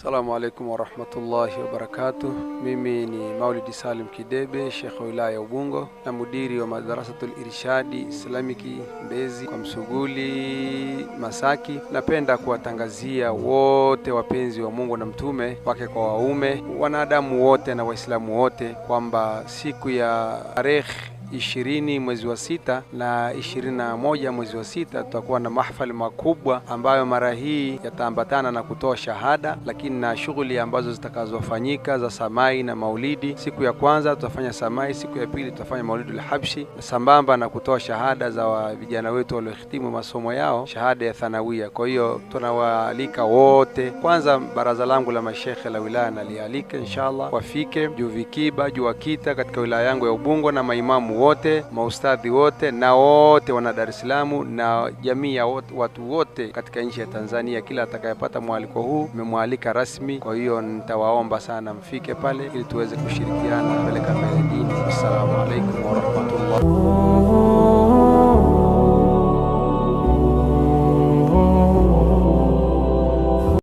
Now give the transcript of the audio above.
Asalamu alaikum warahmatullahi wabarakatuh. Mimi ni Maulidi Salim Kidebe, Sheikh wa wilaya ya Ubungo na mudiri wa Madrasatul Irshadi Islamiki Mbezi kwa Msuguli Masaki. Napenda kuwatangazia wote wapenzi wa Mungu na mtume wake kwa waume, wanadamu wote na Waislamu wote kwamba siku ya tarehe ishirini mwezi wa sita na ishirini na moja mwezi wa sita tutakuwa na mahfali makubwa ambayo mara hii yataambatana na kutoa shahada, lakini na shughuli ambazo zitakazofanyika za samai na maulidi. Siku ya kwanza tutafanya samai, siku ya pili tutafanya maulidi habshi, sambamba na kutoa shahada za vijana wetu waliohitimu masomo yao, shahada ya thanawia. Kwa hiyo tunawaalika wote, kwanza baraza langu la mashekhe la wilaya nalialika inshallah wafike juu Vikiba juu Wakita katika wilaya yangu ya Ubungo na maimamu wote, maustadhi wote na wote wana Dar es Salaam na jamii ya watu wote katika nchi ya Tanzania. Kila atakayepata mwaliko huu memwalika rasmi. Kwa hiyo nitawaomba sana mfike pale ili tuweze kushirikiana kupeleka mbele dini. Asalamu.